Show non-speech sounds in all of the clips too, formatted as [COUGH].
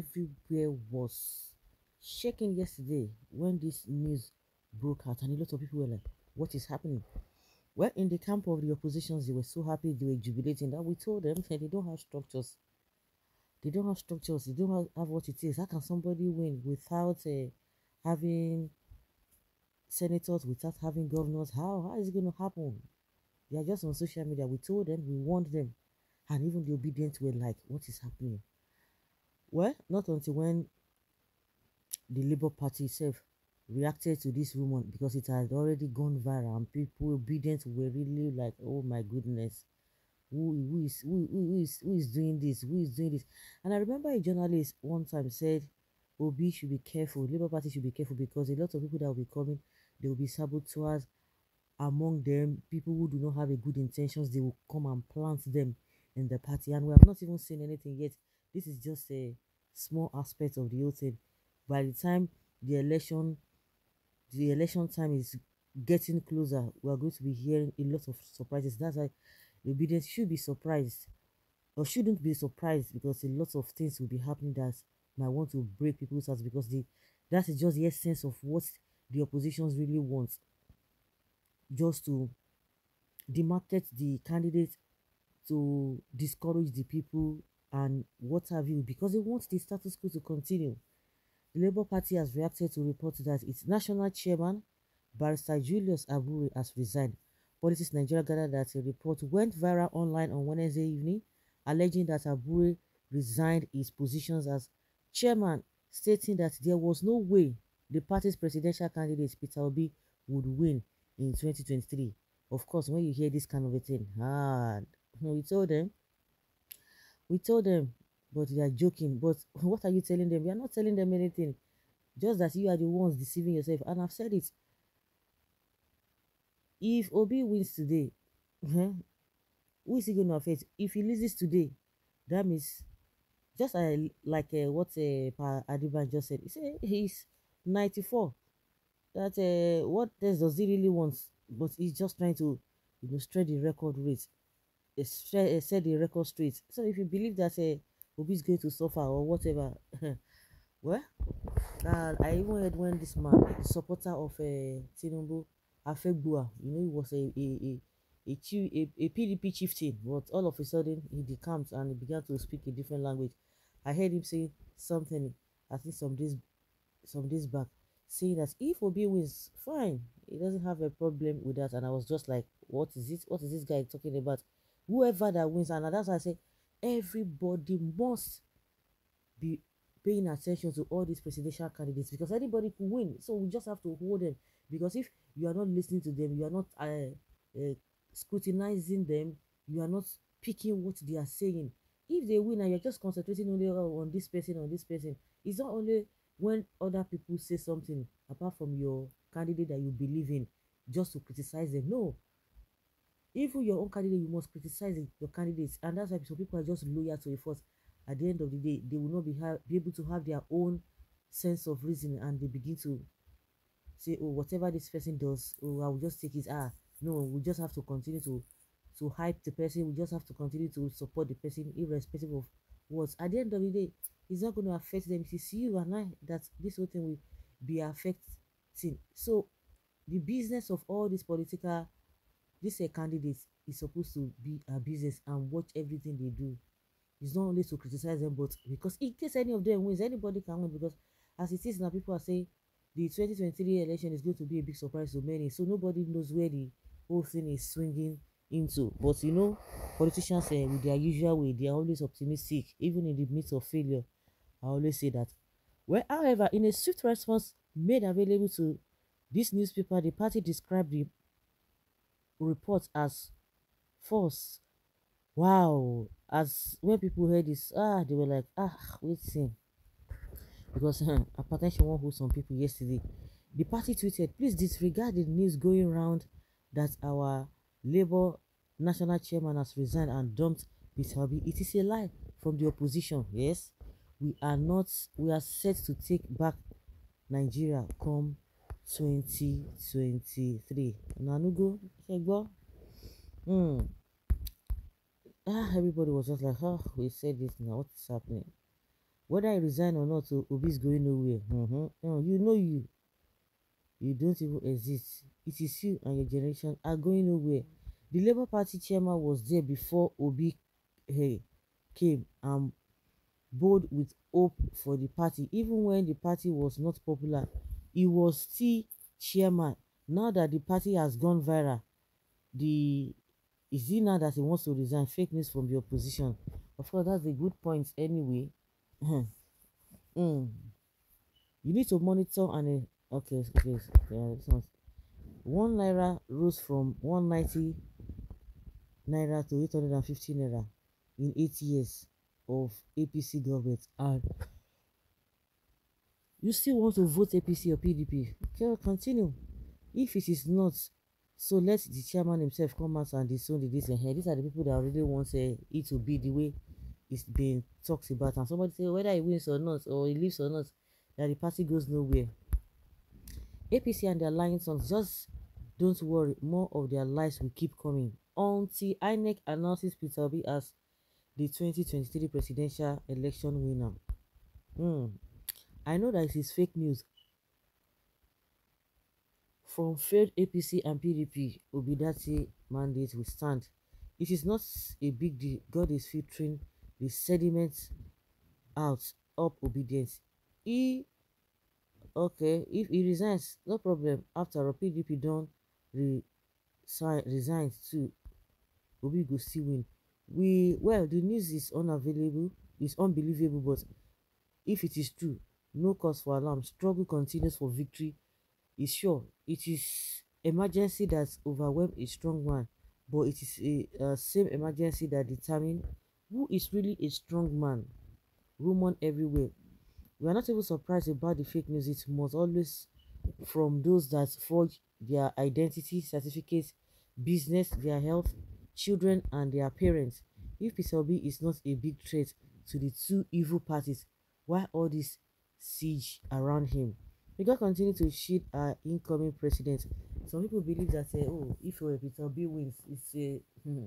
everywhere was shaking yesterday when this news broke out, and a lot of people were like, What is happening? Well, in the camp of the oppositions, they were so happy, they were jubilating that we told them that they don't have structures. They don't have structures, they don't have, have what it is. How can somebody win without uh, having senators, without having governors? How? How is it going to happen? They are just on social media. We told them, we warned them. And even the obedient were like, What is happening? Well, not until when the Labour Party itself reacted to this rumor because it had already gone viral and people obedient were really like, oh my goodness, who, who is who, who is who is doing this? Who is doing this? And I remember a journalist one time said, Obi should be careful, Labour Party should be careful because a lot of people that will be coming, they will be saboteurs. Among them, people who do not have a good intentions, they will come and plant them in the party. And we have not even seen anything yet. This is just a small aspect of the whole thing. By the time the election, the election time is getting closer, we are going to be hearing a lot of surprises. That's why the obedience should be surprised or shouldn't be surprised because a lot of things will be happening that might want to break people's hearts because the that is just the essence of what the oppositions really want. Just to demarket the candidate to discourage the people and what have you, because they want the status quo to continue. The Labour Party has reacted to reports that its national chairman, Barrister Julius Aburi, has resigned. Politics Nigeria gathered that a report went viral online on Wednesday evening alleging that Aburi resigned his positions as chairman, stating that there was no way the party's presidential candidate Peter Obi would win in 2023. Of course, when you hear this kind of a thing, ah, you know, we told them We told them, but they are joking. But [LAUGHS] what are you telling them? We are not telling them anything. Just that you are the ones deceiving yourself. And I've said it. If Obi wins today, [LAUGHS] eh, who is he going to affect? If he loses today, that means just uh, like uh, what uh, pa Adiban just said. He said he's 94. That uh, what does he really want? But he's just trying to you know, stretch the record rate set the record straight. So if you believe that uh, Obi is going to suffer or whatever, [LAUGHS] well, uh, I even heard when this man, supporter of uh, Tinubu, Afegbua, you know, he was a a, a, a, chief, a, a PDP chieftain, but all of a sudden he decamped and he began to speak a different language. I heard him say something, I think some days, some days back, saying that if Obi wins, fine, he doesn't have a problem with that. And I was just like, what is it? What is this guy talking about? whoever that wins and that's why i say everybody must be paying attention to all these presidential candidates because anybody could win so we just have to hold them because if you are not listening to them you are not uh, uh, scrutinizing them you are not picking what they are saying if they win and you're just concentrating only on this person on this person it's not only when other people say something apart from your candidate that you believe in just to criticize them no even your own candidate you must criticize your candidates and that's why some people are just loyal to a force at the end of the day they will not be, have be able to have their own sense of reason and they begin to say oh whatever this person does oh i will just take his ah no we just have to continue to to hype the person we just have to continue to support the person irrespective of what at the end of the day it's not going to affect them it is you and i that this whole thing will be affecting so the business of all this political this a eh, candidate is supposed to be a business and watch everything they do it's not only to criticize them but because in case any of them wins anybody can win because as it is now people are saying the 2023 election is going to be a big surprise to many so nobody knows where the whole thing is swinging into but you know politicians uh, with their usual way they are always optimistic even in the midst of failure i always say that well however in a swift response made available to this newspaper the party described the report as false. Wow. As when people heard this, ah, they were like, ah, wait see. Because a [LAUGHS] potential won't hold some people yesterday. The party tweeted, please disregard the news going round that our Labour national chairman has resigned and dumped Peter Obi. It is a lie from the opposition. Yes, we are not, we are set to take back Nigeria come twenty twenty three una no go ṣe gbọ́. Hmm. Ah, everybody was just like, oh, we said this now. What is happening? Whether I resign or not, Obi is going nowhere. Mm-hmm. No, you know you. You don't even exist. It is you and your generation are going nowhere. The Labour Party chairman was there before Obi hey, came and bold with hope for the party, even when the party was not popular. He was still chairman. Now that the party has gone viral, the is it now that he wants to resign? Fake news from the opposition. Of course, that's a good point anyway. mm. You need to monitor and uh, okay, okay, yeah, one naira rose from 190 naira to 850 naira in eight years of APC government and you still want to vote APC or PDP? Okay, continue. If it is not, so let the chairman himself come out and disown the decision. and eh, here. These are the people that really want uh, it to be the way it's being talked about. And somebody say whether he wins or not, or he leaves or not, that the party goes nowhere. APC and their lying sons, just don't worry, more of their lies will keep coming until INEC announces Peter Obi as the 2023 presidential election winner. Hmm. I know that it is fake news from failed APC and PDP Obidati mandate will stand. It is not a big deal. God is filtering the sediments out of obedience. He okay if he resigns, no problem. After all, PDP done resign resigns too. Obi go still win. We well the news is unavailable, It's unbelievable, but if it is true, No cause for alarm. Struggle continues for victory is sure. It is emergency that overwhelms a strong man, but it is a uh, same emergency that determine who is really a strong man. Rumor everywhere. We are not even surprised about the fake news. It must always from those that forge their identity certificates, business, their health, children, and their parents. If Peter Obi is not a big threat to the two evil parties, why all this siege around him. We can continue to shit our incoming president. Some people believe that, uh, oh, if uh, Peter B wins, it's a. Uh, hmm.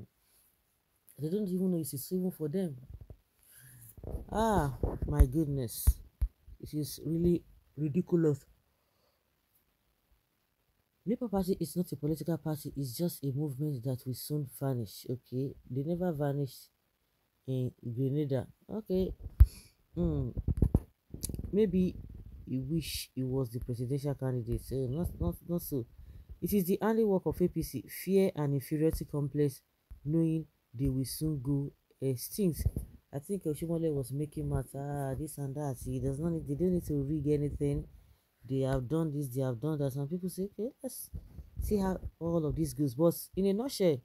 They don't even know it's a civil for them. Ah, my goodness. It is really ridiculous. Labour Party is not a political party, it's just a movement that will soon vanish. Okay, they never vanished in Grenada. Okay, hmm. Maybe he wish he was the presidential candidate. So eh, not, not, not so. It is the handiwork of APC, fear and inferiority complex, knowing they will soon go extinct. I think Oshimole was making matter ah, this and that. He does not need, they don't need to rig anything. They have done this, they have done that. Some people say, okay, let's see how all of this goes. But in a nutshell,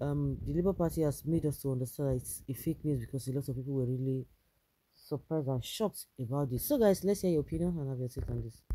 um, the Labour Party has made us to understand that it's a fake news because a lot of people were really surprised and shocked about this. So guys, let's hear your opinion and have your take on this.